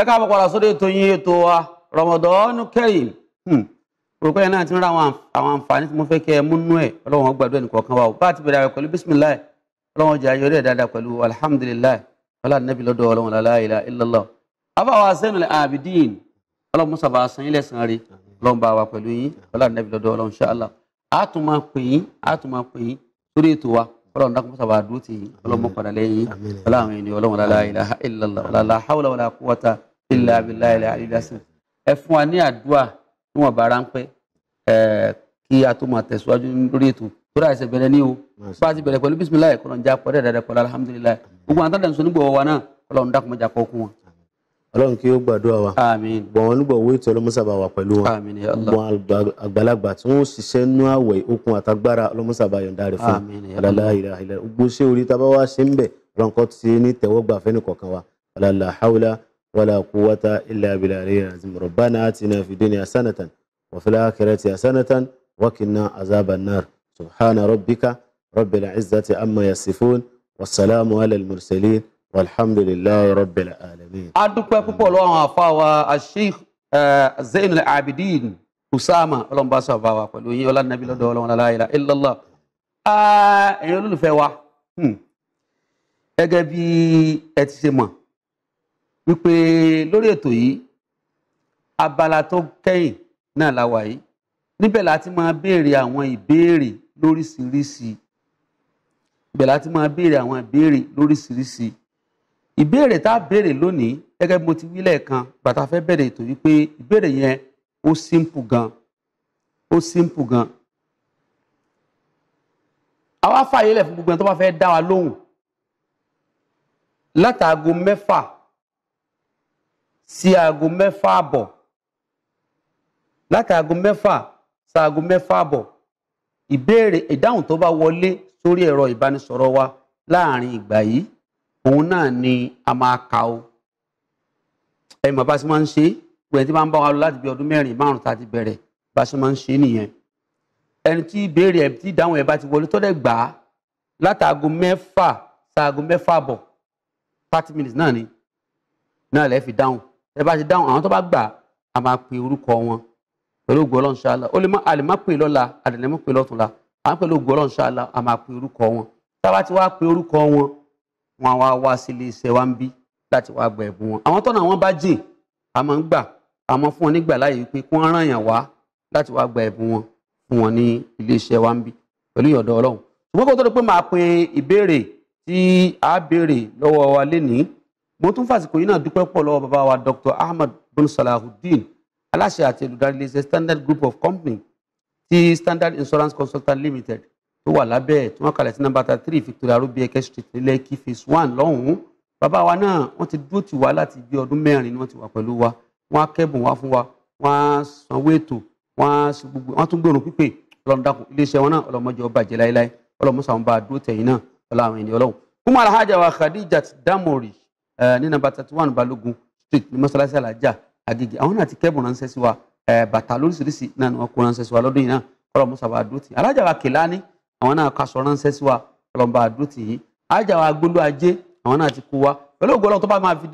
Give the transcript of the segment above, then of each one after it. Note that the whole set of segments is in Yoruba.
ẹ káàbọ̀ padà sórí ètò yín ètò wa Ramadan Kareem hmm. rògbẹ́ yẹn náà ti ń ra àwọn àǹfààní tí mo fẹ́ kẹ́ ẹ múnú ẹ̀ ọlọ́wọ́n gbàdúrà nìkan kan wà ó bá a ti bẹ̀rẹ̀ àwẹ̀ pẹ̀lú bisimilayi ọlọ́wọ́n jẹ́ ayé orí ẹ̀ dáadáa pẹ̀lú alihamudulilayi wàlá nàbí lọ́dọ̀ ọlọ́wọ́n lálá ilà illallah abáwa sẹ́nu abidin ọlọ́wọ́n musa bá a san ilẹ̀ sanre ọlọ́wọ́n bá wa pẹ̀lú yín wàlá nàbí lọ́dọ̀ ọlọ́wọ́n ṣáàlà a tún máa pè wa ọlọ́run yín ọlọ́run ilẹ̀ abilá ilẹ̀ àrídásí ẹ fún wa ní àdúrà níwọ̀n bá ráńpẹ́ kí a tó máa tẹ̀síwájú lórí ètò tó dáa ẹsẹ̀ bẹ̀rẹ̀ ní o bá a ti bẹ̀rẹ̀ pẹ̀lú bisimilayi kọ́nà ń já pọ̀ dẹ̀ dẹ̀ pẹ̀lú alihamudulilayi gbogbo àwọn àtàndàmùsọ nígbà wa náà ọlọ́run dákun mọ́jà kún wọn. ọlọ́run kí ó gbàdúrà wa gbọ̀n wọn nígbà owó ìtọ́ ọlọ́mọ́sàbà wà pẹ̀lú wọn gbọ̀n àgbàlagbà tí wọ́n ṣiṣẹ́ nú àwẹ̀ okun àtagbára ọlọ́mọ́sàbà ولا قوة إلا بالعلي العظيم ربنا آتنا في الدنيا حسنة وفي الآخرة حسنة وكنا عذاب النار سبحان ربك رب العزة أما يصفون والسلام على المرسلين والحمد لله رب العالمين adúpẹ́ púpọ̀ lọ́wọ́ àwọn àfáà wa asheikh zainul abidin usama ọlọ́run bá sọ bá wa pẹ̀lú yín ọlá nàbí lọ́dọ̀ ọlọ́run la ilaha illallah ẹ̀yin olólùfẹ́ wípé lórí ètò yìí abala tó kẹ́yìn náà la wà yìí níbẹ̀ láti máa béèrè àwọn ìbéèrè lóríṣiríṣi ibẹ̀ láti máa béèrè àwọn ìbéèrè lóríṣiríṣi ìbéèrè tá a béèrè lónìí gẹ́gẹ́ bí mo ti wí lẹ́ẹ̀kan bàtà fẹ́ bẹ̀rẹ̀ ètò wípé ìbéèrè yẹn ó simple gan ó simple gan àwa fààyè lẹ̀ fún gbogbo ẹni tó bá fẹ́ dá wa lóhùn látàgo mẹ́fà sí aago mẹ́fà àbọ̀ láti aago mẹ́fà ṣaago mẹ́fà àbọ̀ ìbéèrè ìdáhùn tó bá wọlé sórí ẹ̀rọ ìbánisọ̀rọ̀ wa láàrin ìgbà yìí òun náà ni a máa kà o ẹ mọ̀ bá a ṣe máa ń ṣe pẹ̀lú tí máa ń bá wa lọ láti bí ọdún mẹ́rin márùn-ún tá a ti bẹ̀rẹ̀ bá a máa ń ṣe nìyẹn ẹni tí ìbéèrè ẹ̀ tí ìdáhùn ẹ̀ bá ti wọlé tọ́lẹ̀ gbà á látàgò mẹ́fà ṣaago mẹ́fà àbọ̀ thirty minutes náà ni náà lẹ́ fi dáhùn ẹ bá ti dáhùn àwọn tó bá gbà á máa pe orúkọ wọn pẹ̀lú ògùn ọlọ́run ṣáàlà ó lè má a lè má pè lọ́la a lè má pè àwọn pẹ̀lú ògùn ọlọ́run ṣáàlà a máa pe orúkọ wọn tábà ti wá pe orúkọ wọn wọn wá wá sí ilé iṣẹ́ wa ń bí láti wá gba ẹ̀bùn wọn àwọn tọ́nà wọn bá jìn a máa ń gbà a máa fún wọn nígbà láàyè pé kí wọ́n ràn yàn wá láti wá gba ẹ̀bùn wọn fún wọn ní ilé iṣẹ́ wa ń bí pẹ̀lú ìyọ̀dọ̀ ọlọ́run ṣùgbọ́n kó tó di pé máa pin ìbéèrè tí a béèrè lọ́wọ́ wa lénìí mo tún fàsìkò yìí náà dúpẹ́ pọ̀ lọ́wọ́ bàbá wa Dr. Ahmed bin Salahuddin aláṣẹ àti olùdarí iléeṣẹ́ Standard Group of Company ti Standard Insurance Consultant Limited tó wà lábẹ́ ẹ̀ tí wọ́n kalẹ̀ sí nàmbà three Victoria Arubieke Street Lekki phase one lọ́hùn-ún bàbá wa náà wọ́n ti dúró tì wá láti bí ọdún mẹ́rin ni wọ́n ti wà pẹ̀lú wa wọ́n á kẹ́bùn wá fún wa wọ́n á sanwó ètò wọ́n á sí gbogbo wọ́n tún gbòòrò pípé ọlọ́run iléeṣẹ́ wọn náà ọlọ́mọjọ bàjẹ́ láéláé ọlọ́mọsàn bá a dúró tẹ̀yìn náà ọlọ́run ènìyàn ọlọ́run. kúmọ̀ alhaja wa Khadijat Damori ní nàmbà thirty one balógun street ní mọ́ṣáláṣí alájà àgègè àwọn náà ti kẹ́bùn ránṣẹ́ sí wa bàtà lóríṣiríṣi náà ni wọ́n kó ránṣẹ́ sí wa lọ́dún yìí náà kọ́lọ̀ musa bá dúró tì í alájà wa kìláni àwọn náà kaṣọ ránṣẹ́ sí wa kọ́lọ̀ bá dúró tì í alájà wa gbólú ajé àwọn náà ti kó wa pẹ̀lú ògbọ́n bá máa fi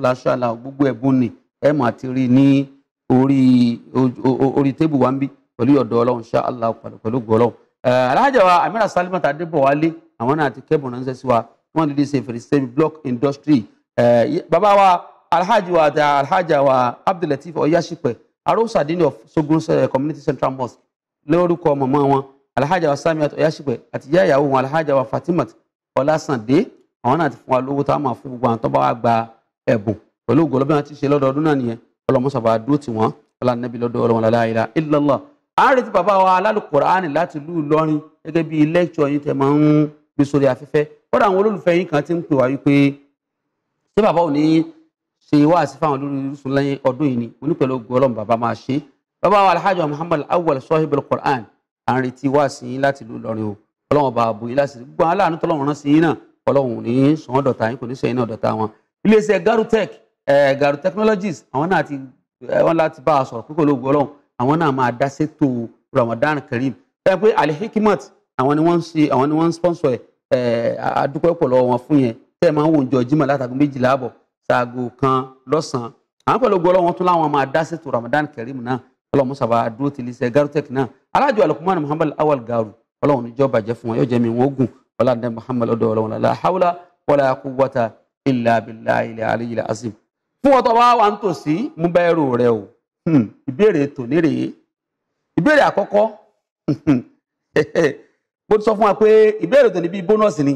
la ṣọ́ àlà gbogbo ẹ̀bùn ni ẹ̀ máa ti rí ní orí orí tébù wa ń bí pẹ̀lú ọ̀dọ̀ ọlọ́run ṣá àlà pẹ̀lú ògbọ́n ọlọ́run alájà wa wọ́n dìde ṣe fèrèsé block industry eh, bàbá wa alhaji wa da alhaja wa abdulateef oyasipẹ arosadini of sogun eh, community central mosque lórúkọ mọ̀mọ́ wọn alhaja wa samiat oyasipẹ àti ìyá ìyàwó wọn alhaja wa fatimat ọlásàndé àwọn náà ti fún wa lówó tá a máa fún gbogbo àwọn tó bá wa gba ẹ̀bùn pẹ̀lú ògùn ọlọ́bìnrin àti ìṣe lọ́dọọdún náà nìyẹn ọlọmọsàbà dúró tì wọ́n ọlànàbí lọ́dọ̀ ọlọ́wọ́n lálẹ́ illallah à ń retí bàbá wa alálùkùránì láti lù lọ́rin gẹ́gẹ́ bí lẹ́kṣọ̀ yìí tẹ̀ máa ń gbé sórí afẹ́fẹ́ kódà àwọn olólùfẹ́ yín kan ti ń pè wá wípé ṣé bàbá ò ní ṣe wáàsí fáwọn lórí Orísun lẹ́yìn ọdún yìí ni mo ní pẹ̀lú ogun Ọlọ́run bàbá máa ṣe bàbá wa alhaji muhammad awwal sahib al-Qur'an à ń retí wáàsí yín láti ìlú Ìlọrin o Ọlọ́run bá bo yín láti gbogbo àwọn aláàánú tọ́lọ́run rán sí yín náà Ọlọ́run ní sọ̀wọ́n dọ̀tá yín kò ní sẹ́yìn náà dọ̀tá wọn iléeṣẹ́ garutech garu technologies àwọn náà ti wọn láti bá a sọ̀rọ̀ pé pẹ̀lú Ọlọ́run àwọn náà máa dá sétò Ramadan Kareem ẹ pé alihikimat àwọn ni wọ́n ń sponsor ẹ̀ adúpẹ́ pọ̀ lọ́wọ́ wọn fún yẹn tẹ́ ẹ máa ń wò jọ jímọ̀ látago méjìlá àbọ̀ ṣaago kan lọ́sàn-án àwọn pẹ̀lú ogun ọlọ́wọ́n tún láwọn máa dá sètò Ramadan Kareem náà ọlọ́run mọ́sàbá dúró ti lẹ́sẹ̀ Garutech náà alájọ alukumanu Muhammad Awal Garu ọlọ́run níjọ́ bàjẹ́ fún wọn yóò jẹ́ mi wọ́n gùn ọlọ́dẹ Muhammad ọdọ ọlọ́run la hawla wala quwwata illa billahi aliyyil azim. fún ọtọ wa wà ń tòsí mú bẹ́ẹ̀ rò rẹ o hmm, ìbéèrè ìbéèrè àkọ́kọ́ bó sọ fún wa pé ìbéèrè tẹ̀lé bíi bónọ́ọ̀sì ni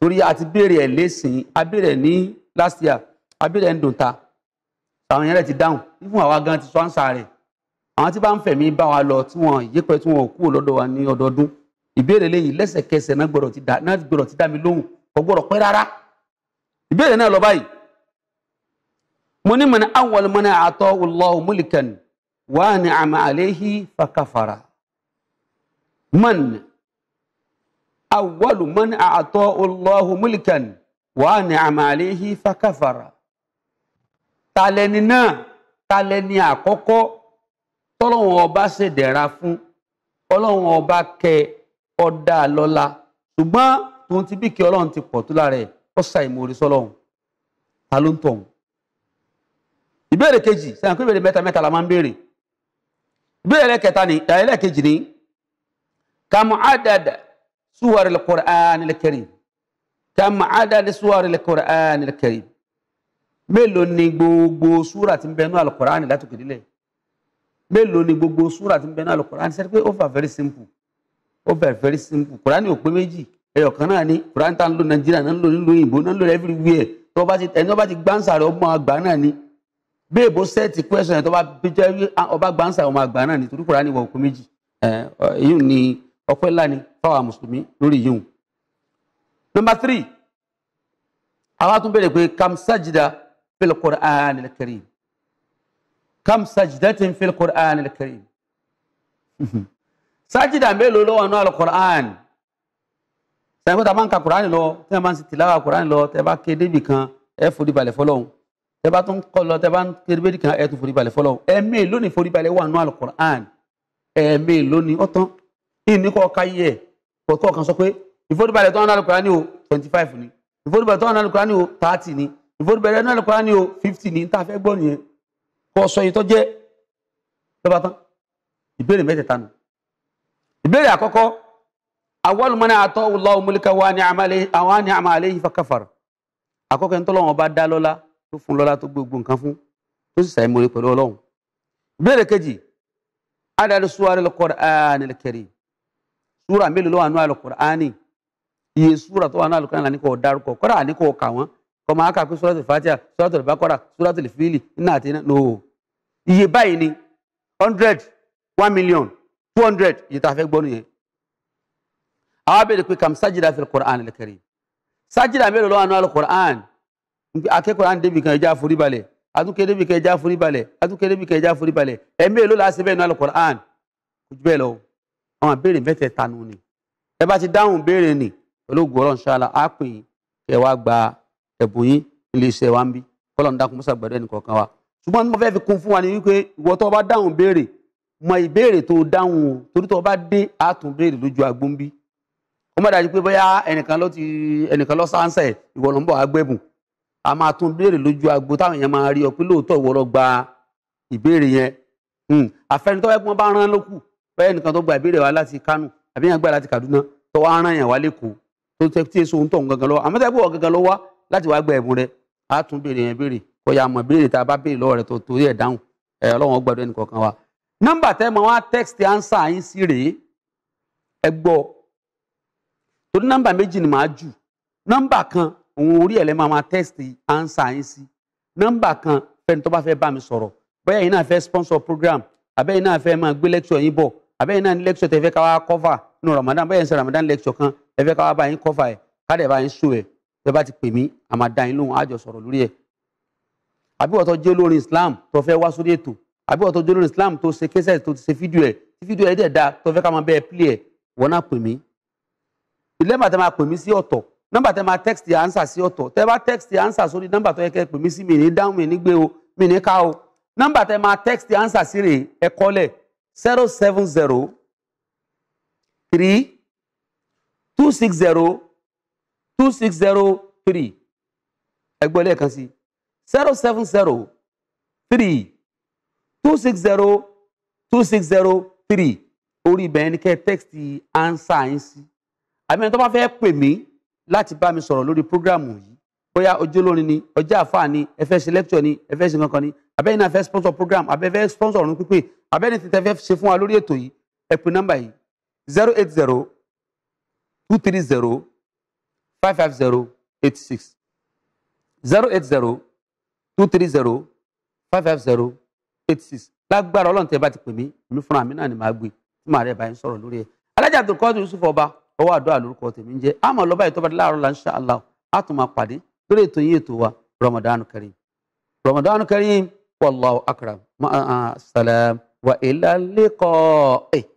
torí a ti béèrè ẹ̀ lẹ́sìn a ní last year a ẹ̀ ń ti dáhùn fífún àwa gan ti sọ àǹsà rẹ̀ àwọn tí bá ń fẹ̀mí bá wa lọ tí wọ́n yípẹ́ tí wọ́n kú lọ́dọ̀ wa ní ọdọọdún ìbéèrè lẹ́yìn lẹ́sẹ̀kẹsẹ̀ náà gbọ́dọ̀ ti dá mi lóhùn kò gbọ́dọ̀ pẹ́ rárá ìbéèrè náà lọ báyìí mo ní awwalu man a'atahu Allahu mulkan wa an'ama alayhi fakafara talẹni náà talẹni àkọ́kọ́ tọ́lọ́wọ́n ọba ṣèdẹ̀ra fún ọlọ́run ọba kẹ ọ̀dà lọ́la ṣùgbọ́n tòun ti bí kí ọlọ́run ti pọ̀ tó lára ẹ̀ ọ̀sà ìmoore sọlọ́run ta ló ń tọ̀hún. ìbéèrè kejì sẹ́yìn pé ìbéèrè mẹ́ta mẹ́ta la máa ń béèrè ìbéèrè ẹlẹ́kẹta ni ẹlẹ́kejì ni kàmú àdàdà سور القرآن الكريم كم عدد سور القرآن الكريم mélòó ni gbogbo súrà tí ń bẹ nú alukoraani látòkè délẹ̀ mélòó ni gbogbo súrà tí ń bẹ nú alukoraani sẹ́ni pé ó fà very simple ó fà very simple koraani ò pé méjì ẹyọ kan náà ni koraani tá ń lò nàìjíríà náà ń lò nílùú òyìnbó náà ń lò everywhere tó bá ti ẹni tó bá ti gbáǹsà rẹ ọmọ àgbà náà ni bí èbó sẹ́ẹ̀tì question yẹn tó bá jẹ́ ah, ọba gbáǹsà ọmọ àgbà náà ni torí koraani wọ̀ ò pé méjì ẹ̀ ẹ̀ yìí ni ọpẹ́ ńlá ni fáwọn mùsùlùmí lórí yìí nọmba three àwa tún bẹ̀rẹ̀ pé kam sajida fil qur'an al karim kam sajidatin fil qur'an al karim sajida mélòó ló wà nínú al qur'an sàyìn kó tá a máa ń ka qur'an lọ tí a máa ń sì tìláwà qur'an lọ tẹ́ bá ké débi kan ẹ forí balẹ̀ fọ́lọ́run tẹ́ bá tún kọ lọ tẹ́ bá ń ké débi kan ẹ tún forí balẹ̀ fọ́lọ́run ẹ mélòó ni forí balẹ̀ wà nínú al qur'an ẹ mélòó ni ọtán ìníkọ̀ káyé ẹ̀ pọ̀tọ́ kan sọ pé ìforíbalẹ̀ tó ń nálùkọ́ ní o twenty five ni ìforíbalẹ̀ tó ń nálùkọ́ ní o thirty ni ìforíbalẹ̀ tó ń nálùkọ́ ní o fifty ni tá a fẹ́ gbọ́ nìyẹn kọ́ sọ yìí tó jẹ́ lọ́ba tán ìbéèrè mẹ́tẹ̀ẹ̀ta nù ìbéèrè àkọ́kọ́ awwalu man ata Allahu mulka wa ni'ama alayhi wa ni'ama alayhi fakafara àkọ́kọ́ ẹni tọ́lọ́wọ́n bá dá lọ́lá tó fún lọ́lá tó gbogbo nǹkan fún tó sì sàìmọ̀ pẹ̀lú ọlọ́run ìbéèrè kejì adadu suwaril Qur'anil karim sura mélòó ló wà iye sura tó wà nú àlùkùránì là ní kò dárúkọ kọ́dà àní kò kà wọ́n kọ́ máa kà pé súràtù fatiha súràtù na súràtù no iye báyìí ni hundred one million two hundred iye tá a fẹ́ gbọ́ kam sájìdá fil Qur'an al sájìdá mélòó ló wà débi kan àtúnkẹ́ débi kan àtúnkẹ́ débi kan ẹ̀mí la bẹ́ẹ̀ àwọn àbẹ̀rẹ̀ mẹ́tẹ̀ẹ̀ta nù ni ẹ bá ti dáhùn béèrè nì ológun ọlọ́run ṣáàlà á pè yín kẹ wá gba ẹ̀bùn yín ilé iṣẹ́ wa ń bí kọ́lọ́n dákun mọ́sá gbàdúrà ẹnì wa ṣùgbọ́n mo fẹ́ fi kún fún wa ni wípé ìwọ tó o bá dáhùn béèrè mọ ìbéèrè tó o dáhùn o torí tó o bá dé á tún béèrè lójú agbó ń bí ó má dájú pé bóyá ẹnìkan ló ti ẹnìkan ló sáńsẹ̀ ìwọ ló ń bọ̀ agbẹ́bùn a máa tún béèrè lójú agbó táwọn èèyàn máa rí ọ pé lóòótọ́ ìwọ ló gba ìbéèrè yẹn hmm. àfẹnitọ́ ẹ̀gbọ́n bá rán lókù bẹ́ẹ̀ nìkan tó gba ìbéèrè wa láti Kánò àbí yàn gbà láti Kaduna tó wá rán yàn wá lẹ́kọ̀ọ́ tó tẹ tí èso ń tọ̀ gangan lọ àmọ́ tẹ́ pé wọ́n gangan lọ wá láti wá gba ẹ̀bùn rẹ á tún béèrè yẹn béèrè kọjá mọ̀ béèrè tá a bá béèrè lọ́wọ́ rẹ tó torí ẹ̀ dáhùn ẹ̀ ọlọ́wọ́n gbàdúrà ẹnì kọ̀ọ̀kan wa. nọ́mbà tẹ́ mọ wá text answer yín sí rèé ẹ gbọ́ torí nọ́mbà méjì ni màá jù nọ́mbà kan òun orí ẹ̀ lẹ́ máa máa text answer yín sí nọ́mbà kan fẹ́ni tó bá fẹ́ bá mi sọ̀rọ̀ bóyá yín náà fẹ́ sponsor program àbẹ́yìn náà fẹ́ máa gbé lecture yín bọ̀ àbẹ́yìn náà ní lecture tẹ fẹ́ ká wá cover Ramadan bẹ́ẹ̀ ń Ramadan lecture kan ẹ fẹ́ ká wá bá yín cover ẹ̀ ba bá yín show ẹ̀ tẹ bá ti pè mí a máa dá yín lóhùn àjọ sọ̀rọ̀ lórí ẹ̀ àbí wọ́n tó jẹ́ Islam tó fẹ́ wá sórí ètò àbí wọ́n tó jẹ́ Islam tó ṣe kẹsẹ̀ tó ti ṣe fídíò ẹ̀ tí fídíò ẹ̀ dẹ̀ da tó fẹ́ ká máa bẹ́ẹ̀ play ẹ̀ wọ́n náà pè mí ilé màtẹ́ máa pè mí sí ọ̀tọ̀ nọ́mbà tẹ́ máa text the answer sí ọ̀tọ̀ tẹ́ ba text the answer sórí nọ́mbà tó yẹ kẹ́ pè mí sí mi ní dáhùn mi ní gbé o mi ní ká o nọ́mbà tẹ́ máa text the answer sí rèé ẹ zero seven zero three two six zero two six zero three ẹgbẹ́ lẹ́ẹ̀kan sí zero seven zero three two six zero two six zero three orí ibẹ̀ ni kẹ́ tẹ́kìtì ansa yín sí àmì ẹni tó bá fẹ́ pè mí láti bá mi sọ̀rọ̀ lórí prógráàmù yìí bóyá ọjọ́ lórin ni ọjọ́ àfáà ni ẹ fẹ́ ṣe lẹ́kítọ̀ ni ẹ fẹ́ ṣe kankan ni abẹ́yìn náà fẹ́ sponsor program abẹ́ fẹ́ sponsor ọ̀run pípé abẹ́ni tí tẹ́fẹ́ ṣe fún wa lórí ètò yìí ẹ pè nọ́mbà yìí zero eight zero two three zero five five zero eight six zero eight zero two three zero five five zero eight six lágbára ọlọ́run tẹ́ bá ti pè mí èmi fúnra mi náà ni màá gbé tí màá rẹ̀ bá yín sọ̀rọ̀ lórí ẹ̀ alájà Abdulquadri Yusuf ọba ọwọ́ àdúrà lórúkọ tèmi ń jẹ́ àmọ́ lọ́ba ètò yín ètò wa Ramadan Kareem Ramadan Kareem wallahu akram ma salam. والى اللقاء